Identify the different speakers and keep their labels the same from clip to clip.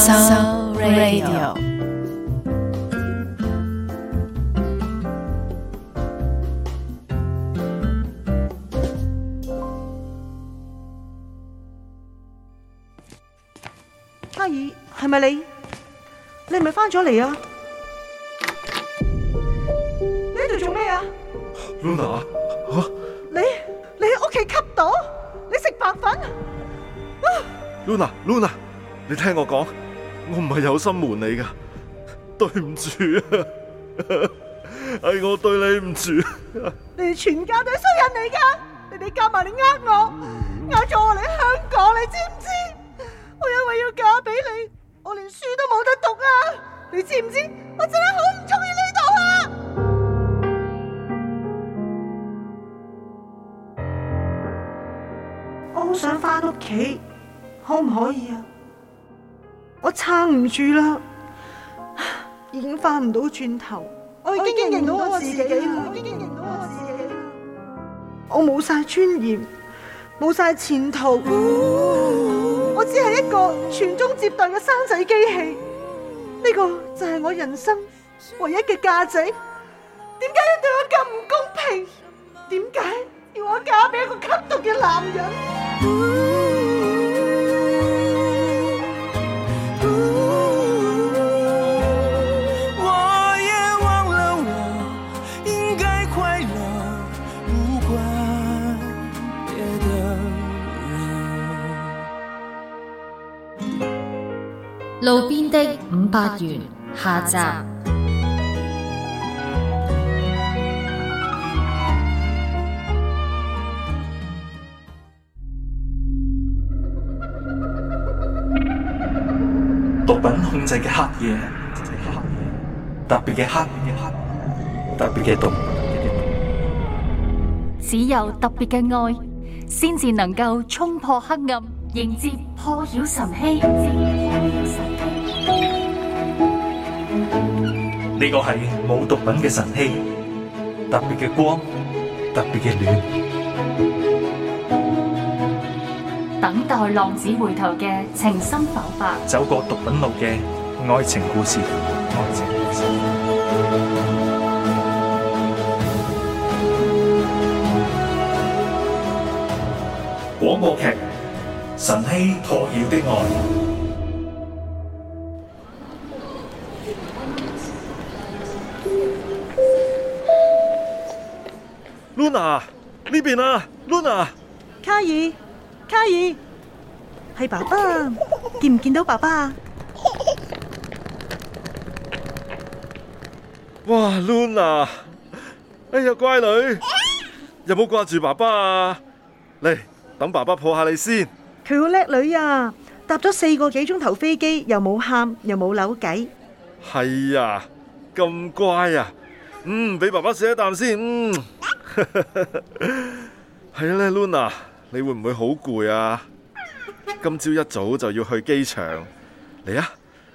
Speaker 1: So Radio。阿姨，係咪你？你係咪翻咗嚟啊？你喺度做咩啊
Speaker 2: ？Luna，吓？
Speaker 1: 你，你喺屋企吸到？你食白粉啊
Speaker 2: ？Luna，Luna，Luna，你聽我講。我唔係有心瞞你噶，對唔住，係 我對 你唔住。
Speaker 1: 你哋全家都係衰人嚟噶，你哋夾埋你呃我，呃咗、嗯、我嚟香港，你知唔知？我因為要嫁俾你，我連書都冇得讀啊！你知唔知？我真係好唔中意呢度啊！我想好想翻屋企，可唔可以啊？我撐唔住啦，已經翻唔到轉頭。我已經認到我自己啦，我已經認到我自己啦。我冇晒尊嚴，冇晒前途，哦、我只係一個傳宗接代嘅生仔機器。呢、呢個就係我人生唯一嘅價值。點解要對我咁唔公平？點解要我嫁
Speaker 2: 俾一個吸毒嘅男人？
Speaker 1: 路邊的五百元，下集。
Speaker 3: 毒品控制嘅黑夜，特別嘅黑，特別嘅毒。
Speaker 1: 只有特別嘅愛，先至能夠衝破黑暗，迎接破曉晨曦。
Speaker 3: 呢個係冇毒品嘅晨曦，特別嘅光，特別嘅暖。
Speaker 1: 等待浪子回頭嘅情深流
Speaker 3: 發。走過毒品路嘅愛情故事，愛情故事。廣播劇《晨曦破曉的愛》。
Speaker 2: 邊啊，Luna，
Speaker 1: 卡爾，卡爾，係爸爸，見唔見到爸爸
Speaker 2: 啊？哇，Luna，哎呀，乖女，有冇掛住爸爸啊？嚟，等爸爸抱下你先。
Speaker 1: 佢好叻女啊，搭咗四個幾鐘頭飛機，又冇喊，又冇扭計。
Speaker 2: 係啊，咁乖啊，嗯，俾爸爸錫一啖先，嗯。係啊咧 ，Luna，你會唔會好攰啊？今朝一早就要去機場，嚟啊！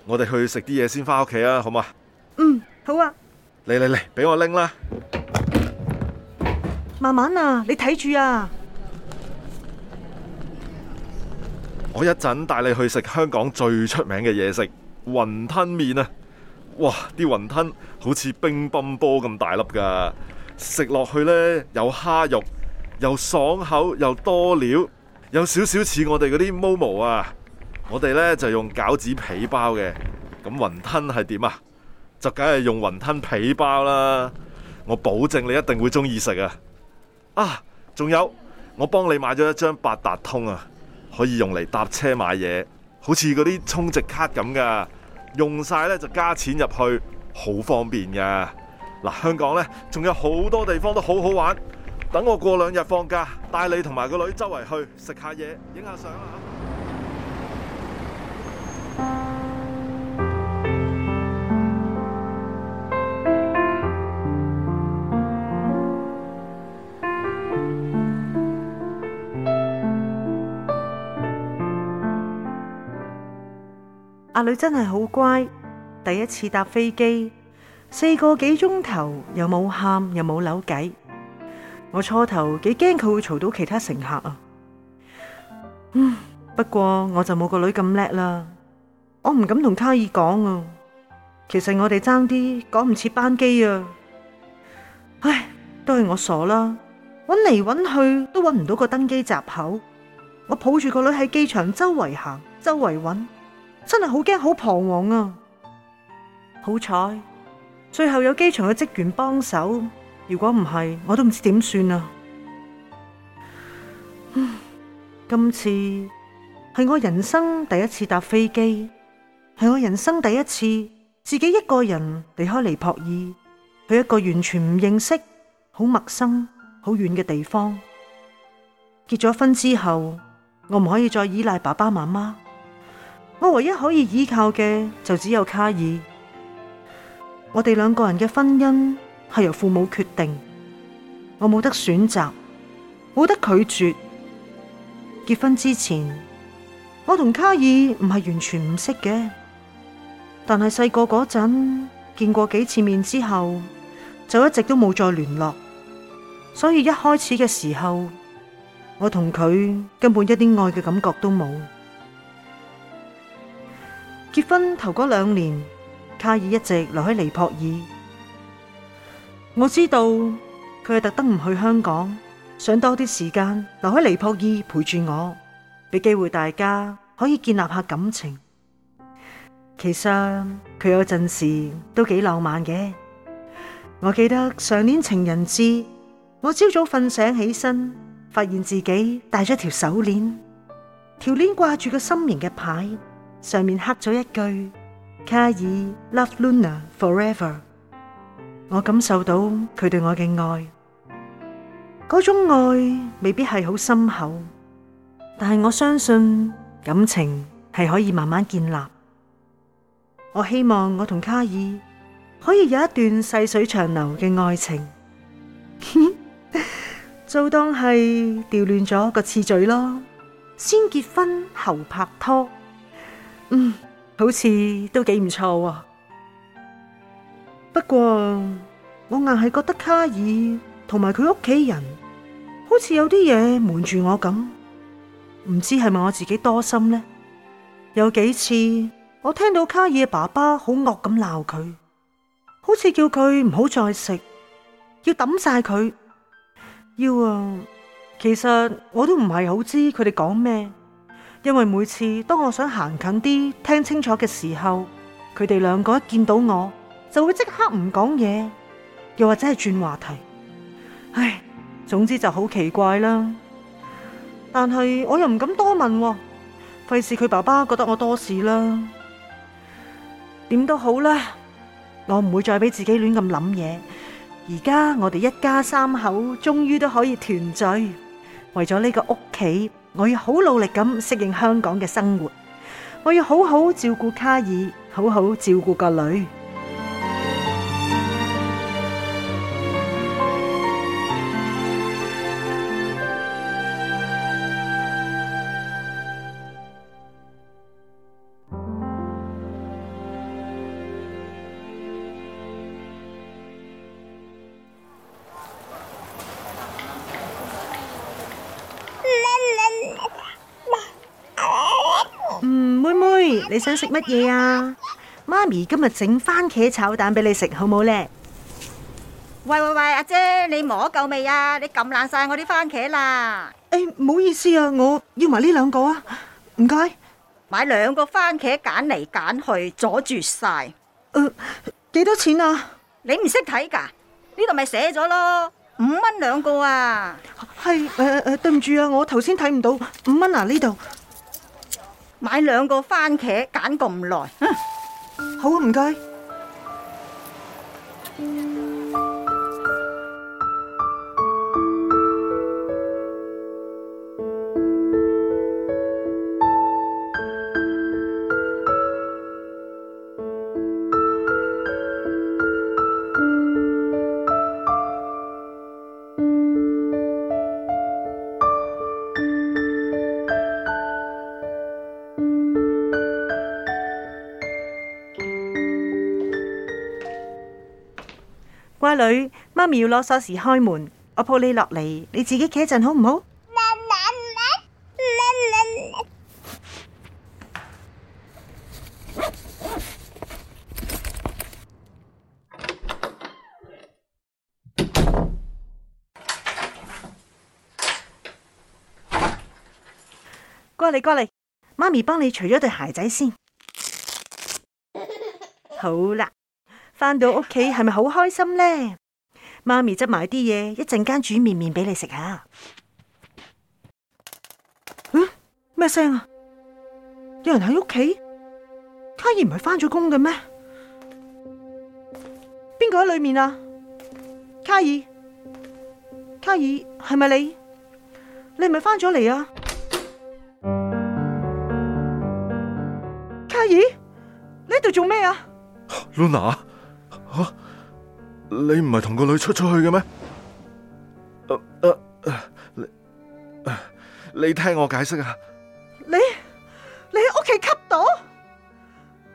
Speaker 2: 我哋去食啲嘢先，返屋企啊，好嘛？嗯，
Speaker 1: 好啊。
Speaker 2: 嚟嚟嚟，俾我拎啦。
Speaker 1: 慢慢啊，你睇住啊。
Speaker 2: 我一陣帶你去食香港最出名嘅嘢食——雲吞麵啊！哇，啲雲吞好似乒乓波咁大粒噶～食落去呢，有蝦肉，又爽口，又多料，有少少似我哋嗰啲 Momo 啊！我哋呢，就用餃子皮包嘅，咁雲吞係點啊？就梗係用雲吞皮包啦！我保證你一定會中意食啊！啊，仲有我幫你買咗一張八達通啊，可以用嚟搭車買嘢，好似嗰啲充值卡咁噶，用晒呢，就加錢入去，好方便噶。嗱，香港呢仲有好多地方都好好玩。等我過兩日放假，帶你同埋個女周圍去食下嘢，影下相啊！
Speaker 1: 阿女真係好乖，第一次搭飛機。四個幾鐘頭又冇喊又冇扭計，我初頭幾驚佢會嘈到其他乘客啊！嗯，不過我就冇個女咁叻啦，我唔敢同卡爾講啊。其實我哋爭啲趕唔切班機啊！唉，都係我傻啦，揾嚟揾去都揾唔到個登機閘口。我抱住個女喺機場周圍行周圍揾，真係好驚好彷徨啊！好彩。最後有機場嘅職員幫手，如果唔係，我都唔知點算啊！今次係我人生第一次搭飛機，係我人生第一次自己一個人離開尼泊爾，去一個完全唔認識、好陌生、好遠嘅地方。結咗婚之後，我唔可以再依賴爸爸媽媽，我唯一可以依靠嘅就只有卡爾。我哋兩個人嘅婚姻係由父母決定，我冇得選擇，冇得拒絕。結婚之前，我同卡爾唔係完全唔識嘅，但係細個嗰陣見過幾次面之後，就一直都冇再聯絡，所以一開始嘅時候，我同佢根本一啲愛嘅感覺都冇。結婚頭嗰兩年。他已一直留喺尼泊爾，我知道佢係特登唔去香港，想多啲時間留喺尼泊爾陪住我，俾機會大家可以建立下感情。其實佢有陣時都幾浪漫嘅。我記得上年情人節，我朝早瞓醒起身，發現自己戴咗條手鏈，條鏈掛住個心形嘅牌，上面刻咗一句。卡爾 Love Luna forever，我感受到佢對我嘅愛，嗰種愛未必係好深厚，但係我相信感情係可以慢慢建立。我希望我同卡爾可以有一段細水長流嘅愛情，就當係掉亂咗個次序咯，先結婚後拍拖，嗯。好似都幾唔錯啊！不過我硬係覺得卡爾同埋佢屋企人好似有啲嘢瞞住我咁，唔知係咪我自己多心呢？有幾次我聽到卡爾爸爸好惡咁鬧佢，好似叫佢唔好再食，要抌晒佢。要啊，其實我都唔係好知佢哋講咩。因為每次當我想行近啲聽清楚嘅時候，佢哋兩個一見到我就會即刻唔講嘢，又或者係轉話題。唉，總之就好奇怪啦。但係我又唔敢多問，費事佢爸爸覺得我多事啦。點都好啦，我唔會再俾自己亂咁諗嘢。而家我哋一家三口終於都可以團聚，為咗呢個屋企。我要好努力咁適應香港嘅生活，我要好好照顧卡爾，好好照顧個女。想食乜嘢啊？媽咪今日整番茄炒蛋俾你食好唔好咧？喂喂喂，阿姐你摸夠未啊？你撳爛晒我啲番茄啦！誒，唔好意思啊，我要埋呢兩個啊，唔該。買兩個番茄揀嚟揀去，阻住晒。誒，幾多錢啊？你唔識睇噶？呢度咪寫咗咯，五蚊兩個啊。係誒誒，對唔住啊，我頭先睇唔到，五蚊啊呢度。買兩個番茄揀咁耐，嗯、好唔該。媽咪要攞鎖匙開門，我抱你落嚟，你自己企一陣好唔好？過嚟過嚟，媽咪幫你除咗對鞋仔先。好啦，返到屋企係咪好開心呢？媽咪執埋啲嘢，媽媽一陣間煮麵麵俾你食下。嗯、欸，咩聲啊？有人喺屋企？卡爾唔係翻咗工嘅咩？邊個喺裏面啊？卡爾，卡爾係咪你？你係咪翻咗嚟啊？卡爾，你喺度做咩啊？
Speaker 2: 露娜，啊？你唔係同個女出出去嘅咩？你你聽我解釋啊！
Speaker 1: 你你喺屋企吸到，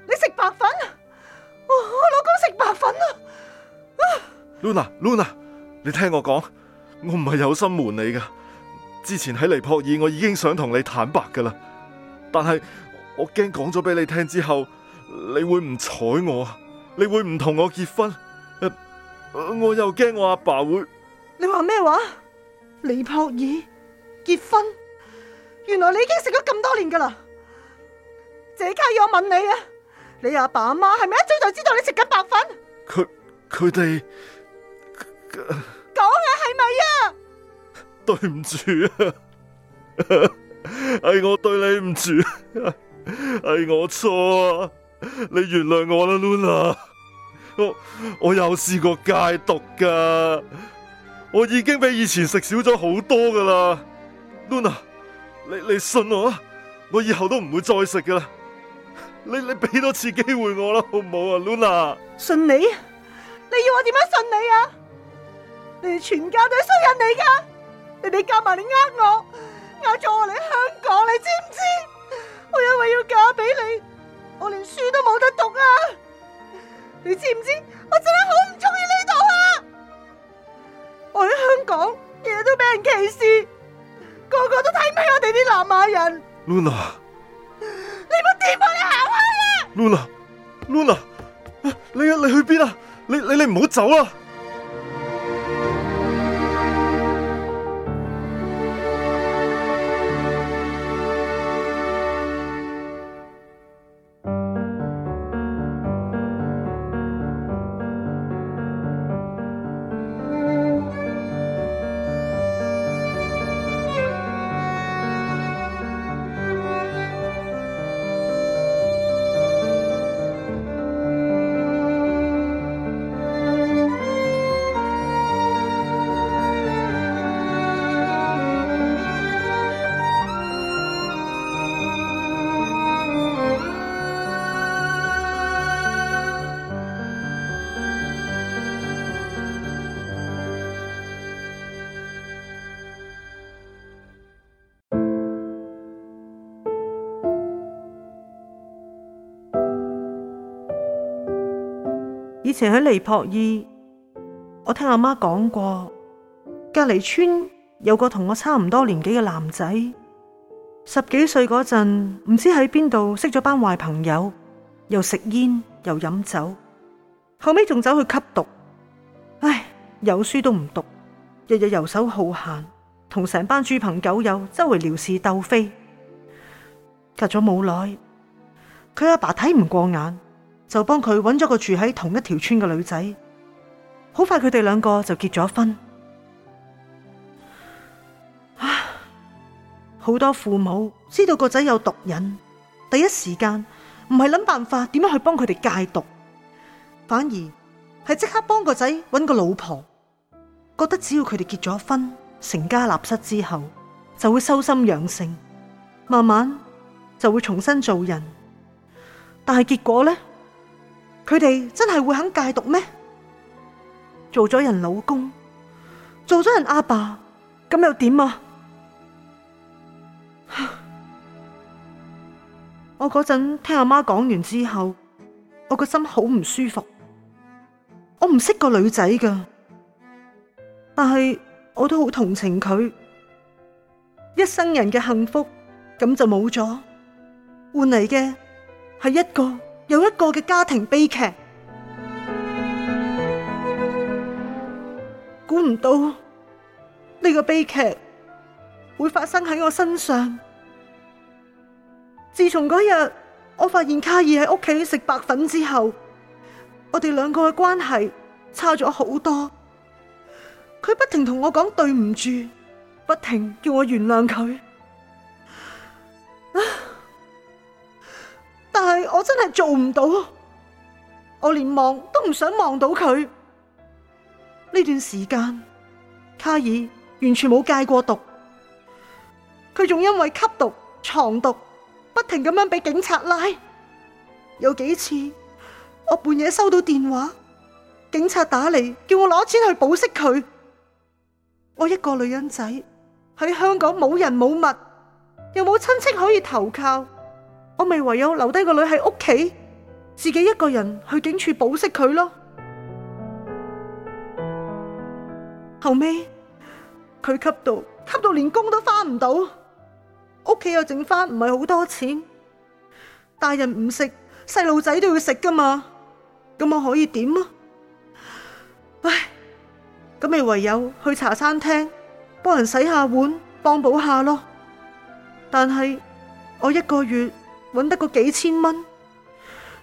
Speaker 1: 你食白，白粉啊！我老公食白粉啊
Speaker 2: ！Luna Luna，你聽我講，我唔係有心瞞你噶。之前喺尼泊爾，我已經想同你坦白噶啦，但係我驚講咗俾你聽之後，你會唔睬我，你會唔同我結婚。我又驚我阿爸，爸會。
Speaker 1: 你話咩話？李柏爾結婚，原來你已經食咗咁多年㗎喇！而家要我問你啊，你阿爸阿媽係咪一早就知道你食緊白粉？
Speaker 2: 佢佢哋
Speaker 1: 講嘅係咪啊？是是
Speaker 2: 對唔住啊，係、 哎、我對你唔住，係、 哎、我錯啊！你原諒我啦，Luna。我我有試過戒毒噶，我已經比以前食少咗好多噶啦。露娜，你你信我啊，我以後都唔會再食噶啦。你你俾多次機會我啦，好唔好啊？露娜，信你？你要我點樣
Speaker 1: 信你啊？你全家都係衰人嚟噶，你你夾埋你呃我，呃咗我嚟香港，你知唔知？我因為要嫁俾你，我連書都冇得讀啊！你知唔知我真係好唔中意呢度啊！
Speaker 2: 我
Speaker 1: 喺香港日日都俾人歧視，個個都睇唔起我哋啲南馬人。Luna，你冇地方你行去
Speaker 2: 啊！l u n a l u n a 你啊，你去邊啊？你你你唔好走啊！
Speaker 1: 以前喺尼泊爾，我聽阿媽講過，隔籬村有個同我差唔多年紀嘅男仔，十幾歲嗰陣唔知喺邊度識咗班壞朋友，又食煙又飲酒，後尾仲走去吸毒。唉，有書都唔讀，日日遊手好閒，同成班豬朋狗友周圍撩事鬥非。隔咗冇耐，佢阿爸睇唔過眼。就幫佢揾咗個住喺同一條村嘅女仔，好快佢哋兩個就結咗婚。好多父母知道個仔有毒癮，第一時間唔係諗辦法點樣去幫佢哋戒毒，反而係即刻幫個仔揾個老婆，覺得只要佢哋結咗婚，成家立室之後，就會修心養性，慢慢就會重新做人。但係結果呢？佢哋真係會肯戒毒咩？做咗人老公，做咗人阿爸，咁又點啊？我嗰陣聽阿媽講完之後，我個心好唔舒服。我唔識個女仔噶，但係我都好同情佢。一生人嘅幸福咁就冇咗，換嚟嘅係一個。有一個嘅家庭悲劇，估唔到呢個悲劇會發生喺我身上。自從嗰日我發現卡爾喺屋企食白粉之後，我哋兩個嘅關係差咗好多。佢不停同我講對唔住，不停叫我原諒佢。我真係做唔到，我連望都唔想望到佢。呢段時間，卡爾完全冇戒過毒，佢仲因為吸毒、藏毒，不停咁樣俾警察拉。有幾次我半夜收到電話，警察打嚟叫我攞錢去保釋佢，我一個女人仔喺香港冇人冇物，又冇親戚可以投靠。我咪唯有留低個女喺屋企，自己一個人去警署保釋佢咯。後尾佢吸到吸到連工都翻唔到，屋企又剩翻唔係好多錢。大人唔食，細路仔都要食噶嘛，咁我可以點啊？唉，咁咪唯有去茶餐廳幫人洗下碗，幫補下咯。但係我一個月。搵得個幾千蚊，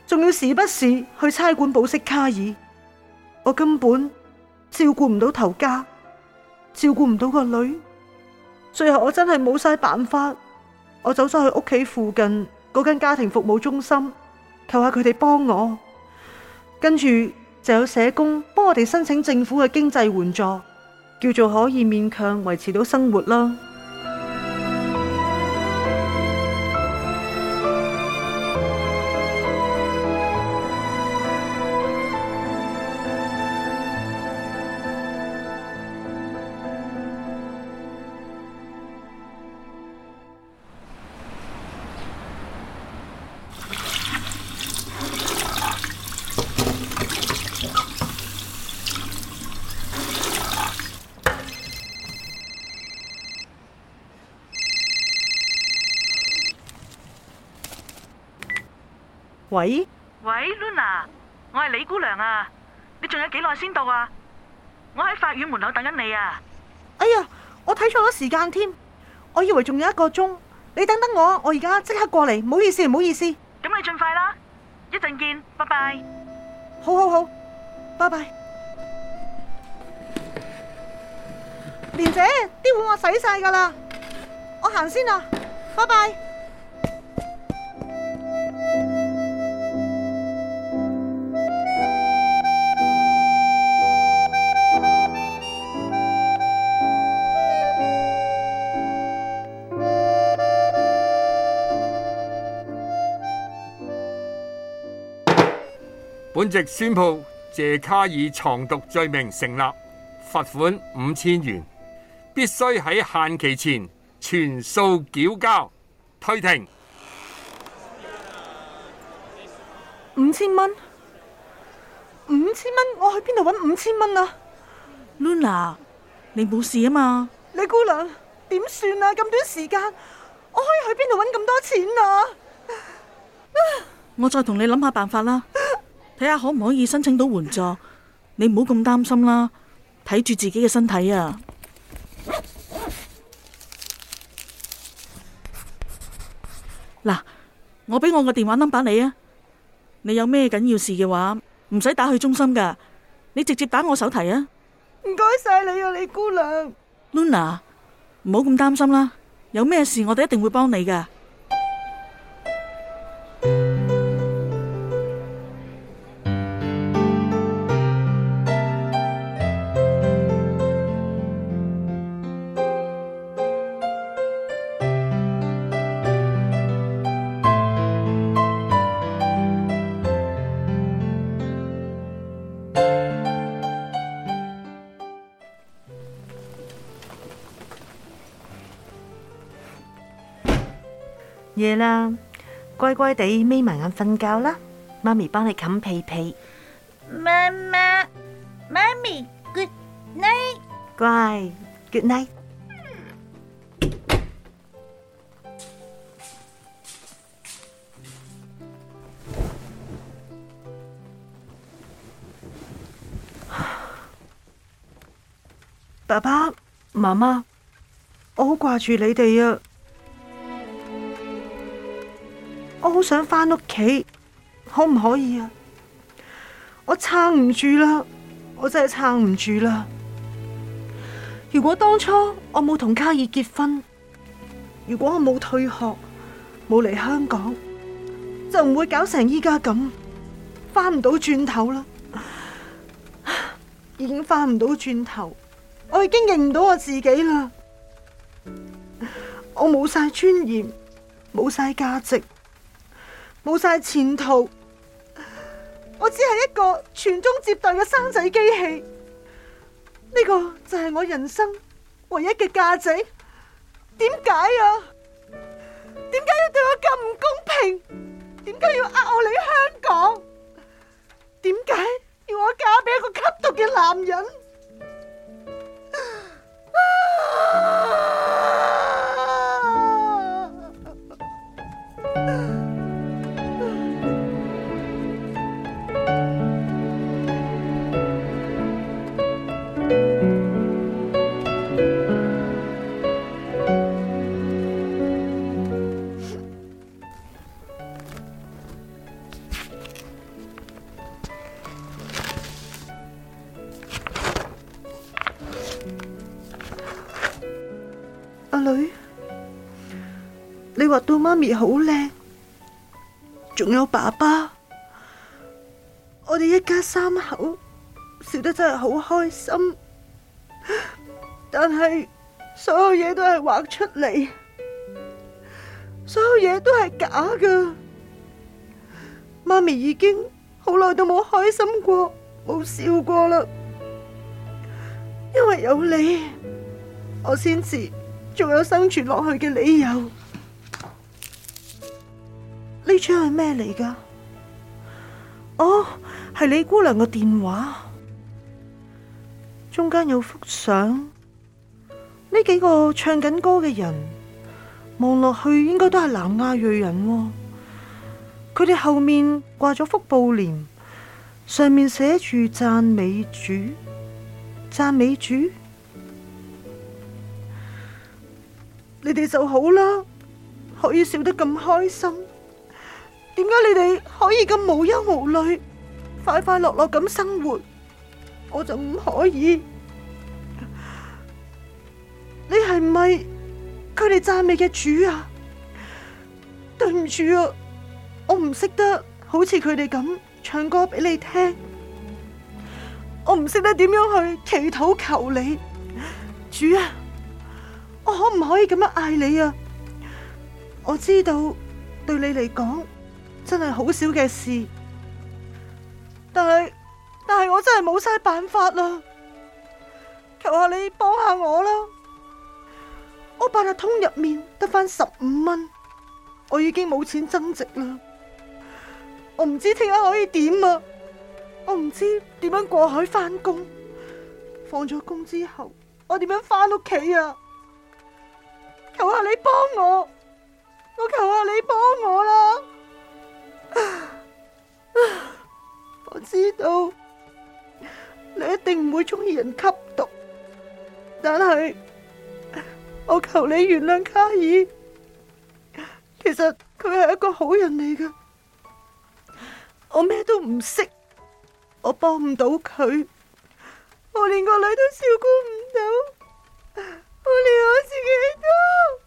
Speaker 1: 仲要時不時去差館保釋卡爾，我根本照顧唔到頭家，照顧唔到個女，最後我真係冇晒辦法，我走咗去屋企附近嗰間家庭服務中心，求下佢哋幫我，跟住就有社工幫我哋申請政府嘅經濟援助，叫做可以勉強維持到生活啦。喂喂，Luna，我係李姑娘啊！你仲有幾耐先到啊？我喺法院門口等緊你啊！哎呀，我睇錯咗時間添，我以為仲有一個鐘。你等等我，我而家即刻過嚟。唔好意思，唔好意思。咁你盡快啦，一陣見，拜拜。好好好，拜拜。蓮姐，啲碗我洗晒噶啦，我行先啦，拜拜。
Speaker 3: 直宣布謝卡爾藏毒罪名成立，罰款五千元，必須喺限期前全數繳交。退庭。
Speaker 1: 五千蚊，五千蚊，我去邊度揾五千蚊啊？Luna，你冇事啊嘛？你姑娘，點算啊？咁短時間，我可以去邊度揾咁多錢啊？ 我再同你諗下辦法啦。睇下可唔可以申請到援助？你唔好咁擔心啦，睇住自己嘅身體啊！嗱，我俾我個電話 number 你啊，你有咩緊要事嘅話，唔使打去中心噶，你直接打我手提啊！唔該晒你啊，李姑娘。Luna，唔好咁擔心啦，有咩事我哋一定會幫你噶。乖乖地眯埋眼瞓覺啦，媽咪幫你冚被被。媽媽，媽咪，good night，乖，good night。爸爸，媽媽，我好掛住你哋啊！我好想翻屋企，可唔可以啊？我撐唔住啦，我真係撐唔住啦！如果當初我冇同卡爾結婚，如果我冇退學，冇嚟香港，就唔會搞成依家咁，翻唔到轉頭啦！已經翻唔到轉頭，我已經認唔到我自己啦，我冇晒尊嚴，冇晒價值。冇晒前途，我只係一個傳宗接代嘅生仔機器，呢個就係我人生唯一嘅價值。點解呀？點解要對我咁唔公平？點解要呃我嚟香港？點解要我嫁俾一個吸毒嘅男人？畫到媽咪好靚，仲有爸爸，我哋一家三口笑得真係好開心。但係所有嘢都係畫出嚟，所有嘢都係假㗎。媽咪已經好耐都冇開心過，冇笑過啦。因為有你，我先至仲有生存落去嘅理由。呢張係咩嚟噶？哦，係李姑娘個電話，中間有幅相，呢幾個唱緊歌嘅人，望落去應該都係南亞裔人哦。佢哋後面掛咗幅布簾，上面寫住讚美主，讚美主，你哋就好啦，可以笑得咁開心。點解你哋可以咁無憂無慮、快快樂樂咁生活，我就唔可以？你係咪佢哋讚美嘅主啊？對唔住啊，我唔識得好似佢哋咁唱歌俾你聽，我唔識得點樣去祈禱求你，主啊！我可唔可以咁樣嗌你啊？我知道對你嚟講。真係好少嘅事，但係但係我真係冇晒辦法啦。求下你幫下我啦！我八達通入面得翻十五蚊，我已經冇錢增值啦。我唔知聽日可以點啊！我唔知點樣過海翻工，放咗工之後我點樣翻屋企啊？求下你幫我，我求下你幫我啦！我知道你一定唔會中意人吸毒，但係我求你原諒卡爾。其實佢係一個好人嚟㗎，我咩都唔識，我幫唔到佢，我連個女都照顧唔到，我連我自己都～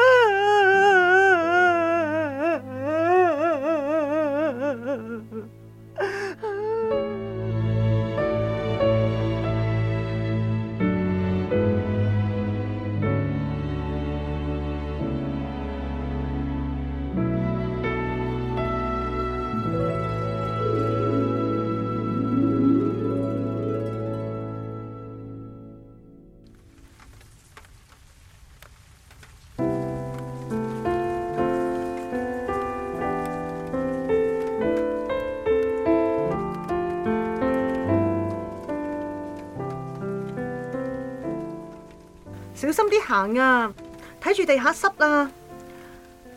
Speaker 1: 小心啲行啊！睇住地下濕啊！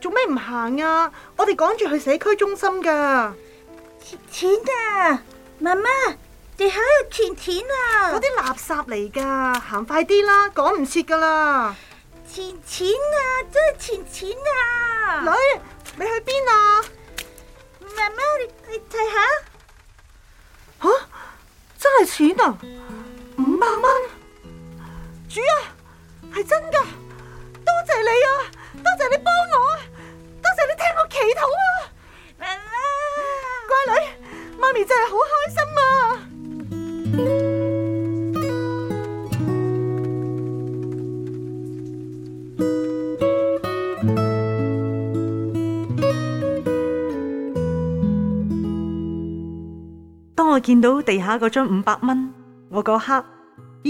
Speaker 1: 做咩唔行啊？我哋趕住去社區中心噶錢錢啊！媽媽，地下有錢錢啊！嗰啲垃圾嚟噶，行快啲啦，趕唔切噶啦！錢錢啊，真係錢錢啊！女，你去邊啊？媽媽，你你睇下，吓、啊，真係錢啊！五百蚊，嗯、主啊！係真噶，多謝你啊，多謝你幫我啊，多謝你聽我祈禱啊。媽媽，乖女，媽咪真係好開心啊！當我見到地下嗰張五百蚊，我嗰刻。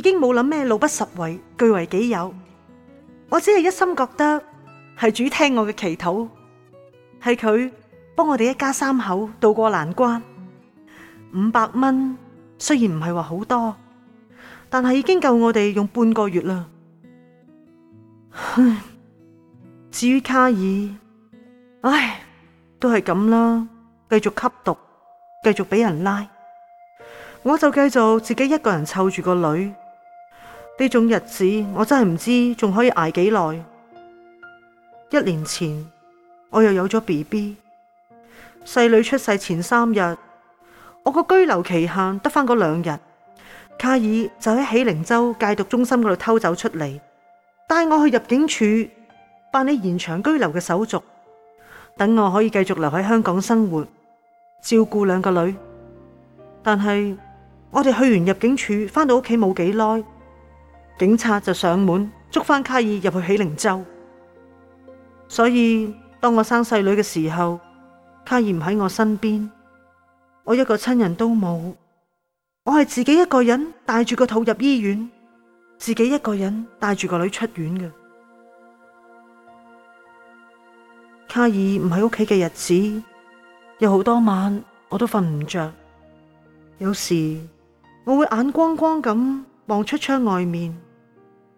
Speaker 1: 已經冇諗咩路不拾遺，據為己有。我只係一心覺得係主聽我嘅祈禱，係佢幫我哋一家三口渡過難關。五百蚊雖然唔係話好多，但係已經夠我哋用半個月啦。唉，至於卡爾，唉，都係咁啦，繼續吸毒，繼續俾人拉，我就繼續自己一個人湊住個女。呢種日子我真係唔知仲可以挨幾耐。一年前我又有咗 BB，細女出世前三日，我個居留期限得翻嗰兩日，卡爾就喺喜靈洲戒毒中心嗰度偷走出嚟，帶我去入境處辦理延長居留嘅手續，等我可以繼續留喺香港生活照顧兩個女。但係我哋去完入境處，翻到屋企冇幾耐。警察就上門捉返卡爾入去喜靈洲，所以當我生細女嘅時候，卡爾唔喺我身邊，我一個親人都冇，我係自己一個人帶住個肚入醫院，自己一個人帶住個女出院嘅。卡爾唔喺屋企嘅日子，有好多晚我都瞓唔着，有時我會眼光光咁望出窗外面。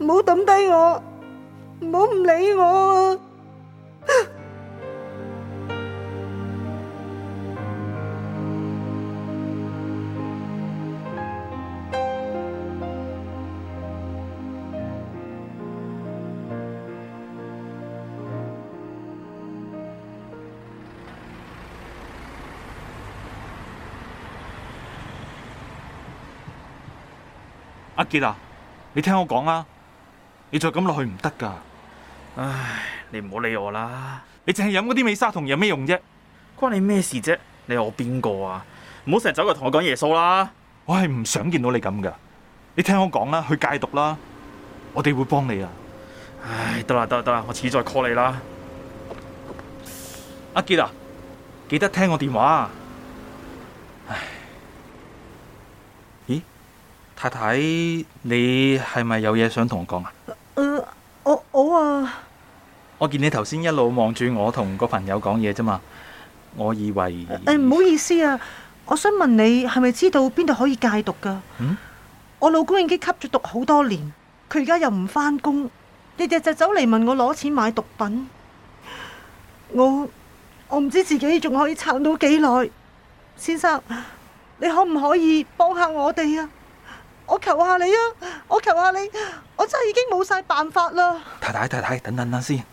Speaker 1: 唔好抌低我，唔好唔理我啊！
Speaker 3: 阿杰啊，你聽我講啊！你再咁落去唔得噶，唉！你唔好理我啦，你淨係飲嗰啲美沙酮有咩用啫？關你咩事啫？你係我邊個啊？唔好成日走嚟同我講耶穌啦！我係唔想見到你咁噶，你聽我講啦，去戒毒啦，我哋會幫你啊！唉，得啦得啦得啦，我遲再 call 你啦，阿杰啊，記得聽我電話啊！唉，咦，太太，你係咪有嘢想同我講啊？誒，uh, 我見你頭先一路望住我同個朋友講嘢啫嘛，我以為，
Speaker 1: 誒，唔好意思啊，我想問你係咪知道邊度可以戒毒噶嗯，我老公已經吸咗毒好多年，佢而家又唔返工，日日就走嚟問我攞錢買毒品，我我唔知自己仲可以撐到幾耐。先生，你可唔可以幫下我哋啊？我求下你啊！我求下你，我真係已經冇晒辦法啦！
Speaker 3: 太太太太，等等等先，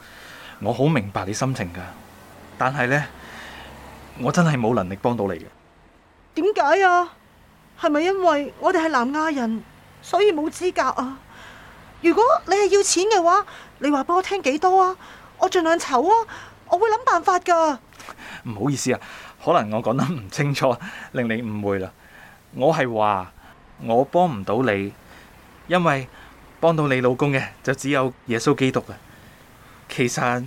Speaker 3: 我好明白你心情噶，但係呢，我真係冇能力幫到你嘅。
Speaker 1: 點解啊？係咪因為我哋係南亞人，所以冇資格啊？如果你係要錢嘅話，你話俾我聽幾多啊？我盡量籌啊，我會諗辦法噶。
Speaker 3: 唔好意思啊，可能我講得唔清楚，令你誤會啦。我係話。我幫唔到你，因為幫到你老公嘅就只有耶穌基督啊！其實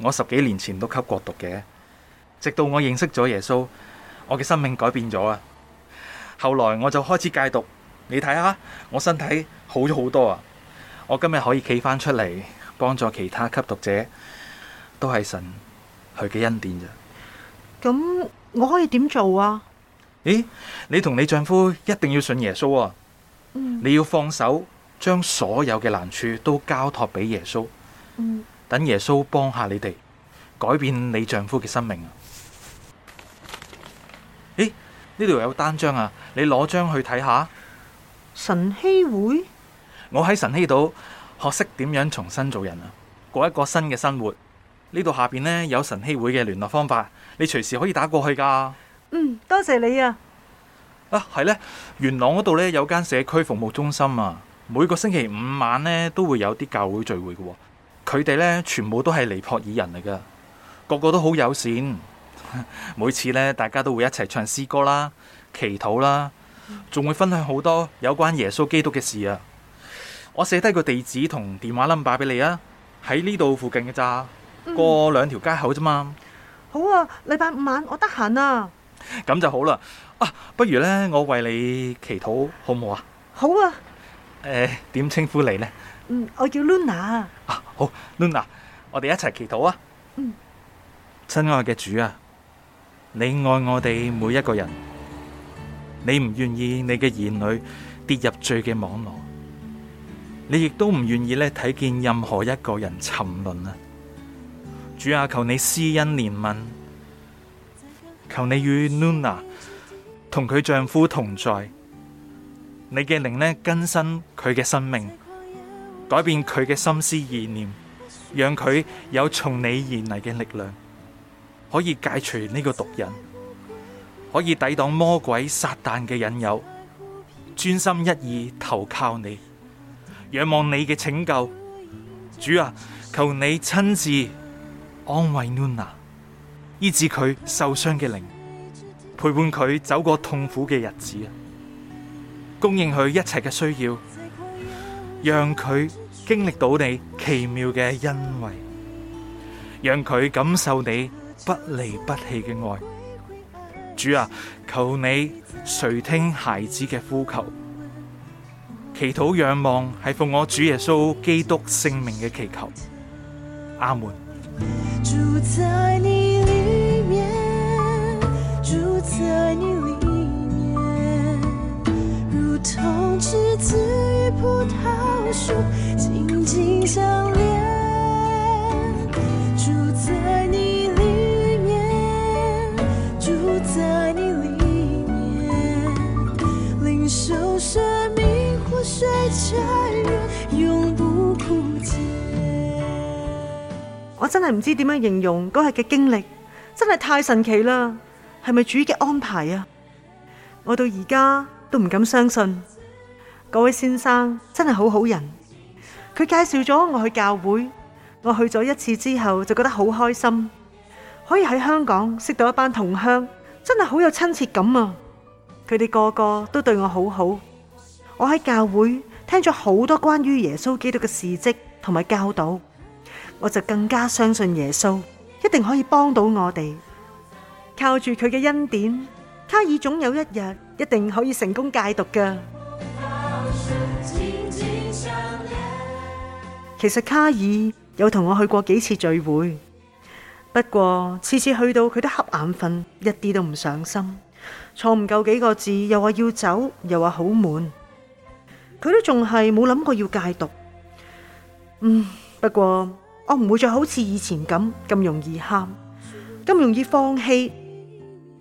Speaker 3: 我十幾年前都吸過毒嘅，直到我認識咗耶穌，我嘅生命改變咗啊！後來我就開始戒毒，你睇下我身體好咗好多啊！我今日可以企翻出嚟幫助其他吸毒者，都係神佢嘅恩典咋！
Speaker 1: 咁我可以點做啊？
Speaker 3: 誒，你同你丈夫一定要信耶穌啊！嗯、你要放手，將所有嘅難處都交託俾耶穌，嗯、等耶穌幫下你哋，改變你丈夫嘅生命啊！呢度有單張啊，你攞張去睇下。晨曦會，我喺晨曦島學識點樣重新做人啊，過一個新嘅生活。呢度下邊呢，有晨曦會嘅聯絡方法，你隨時可以打過去㗎。
Speaker 1: 嗯，多謝你啊！
Speaker 3: 啊，係呢，元朗嗰度呢，有間社區服務中心啊。每個星期五晚呢，都會有啲教會聚會噶，啊。佢哋呢，全部都係尼泊爾人嚟噶，個個都好友善。每次呢，大家都會一齊唱詩歌啦、祈禱啦，仲會分享好多有關耶穌基督嘅事啊。我寫低個地址同電話 number 俾你啊。喺呢度附近嘅咋，過兩條街口咋嘛，啊。嗯、
Speaker 1: 好啊，禮拜五晚我得閒啊。
Speaker 3: 咁就好啦，啊，不如呢，我為你祈禱好唔好啊？好啊，呃，誒，點稱呼你呢？
Speaker 1: 嗯，我叫 Luna。
Speaker 3: 啊，好，Luna，我哋一齊祈禱啊。嗯，親愛嘅主啊，你愛我哋每一個人，你唔願意你嘅兒女跌入罪嘅網絡，你亦都唔願意呢睇見任何一個人沉淪啊！主啊，求你施恩憐憫。求你與 Nuna 同佢丈夫同在，你嘅靈呢更新佢嘅生命，改變佢嘅心思意念，讓佢有從你而嚟嘅力量，可以戒除呢個毒癮，可以抵擋魔鬼撒但嘅引誘，專心一意投靠你，仰望你嘅拯救。主啊，求你親自安慰 Nuna。醫治佢受傷嘅靈，陪伴佢走過痛苦嘅日子啊，供應佢一切嘅需要，讓佢經歷到你奇妙嘅恩惠，讓佢感受你不離不棄嘅愛。主啊，求你垂聽孩子嘅呼求，祈禱仰望係奉我主耶穌基督聖名嘅祈求。阿門。
Speaker 1: 我真係唔知點樣形容嗰日嘅經歷，真係太神奇啦！係咪主嘅安排啊？我到而家都唔敢相信，嗰位先生真係好好人。佢介紹咗我去教會，我去咗一次之後就覺得好開心，可以喺香港識到一班同鄉，真係好有親切感啊！佢哋個個都對我好好。我喺教會聽咗好多關於耶穌基督嘅事跡同埋教導，我就更加相信耶穌一定可以幫到我哋。靠住佢嘅恩典，卡爾總有一日一定可以成功戒毒㗎。其實卡爾有同我去過幾次聚會，不過次次去到佢都瞌眼瞓，一啲都唔上心，坐唔夠幾個字又話要走，又話好悶，佢都仲係冇諗過要戒毒。嗯，不過我唔會再好似以前咁咁容易喊，咁容易放棄。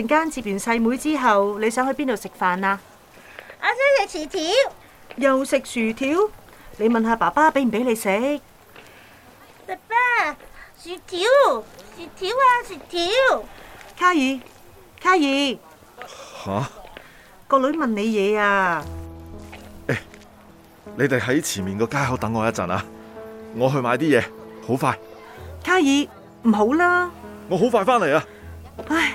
Speaker 1: 陣間接完細妹，妹之後，你想去邊度食飯啊？我想食薯條。又食薯條？你問下爸爸俾唔俾你食？爸爸，薯條，薯條啊，薯條！卡爾，卡爾、啊，
Speaker 2: 吓？
Speaker 1: 個女問你嘢啊？誒、欸，
Speaker 2: 你哋喺前面個街口等我一陣啊！我去買啲嘢，好快。
Speaker 1: 卡爾，唔好啦。
Speaker 2: 我好快翻嚟啊！
Speaker 1: 唉。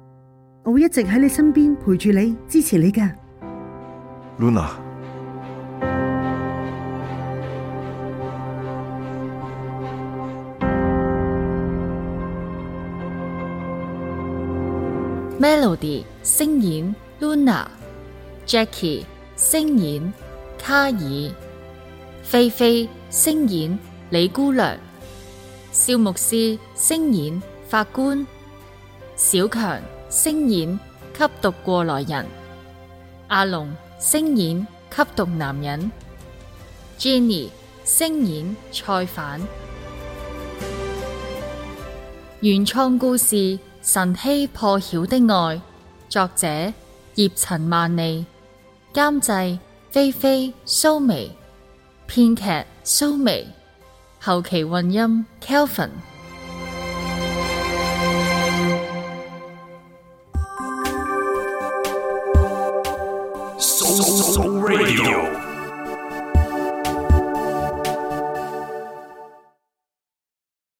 Speaker 1: 我會一直喺你身邊陪住你，支持你嘅。Luna，Melody 聲演 Luna，Jackie 聲演卡爾，菲菲聲演李姑娘，肖牧師聲演法官，小強，聲演吸毒過來人阿龍，聲演吸毒男人 Jenny，聲演菜販。原創故事《晨曦破曉的愛》，作者葉陳萬利，監製菲菲蘇眉，編劇蘇眉，後期混音 Kelvin。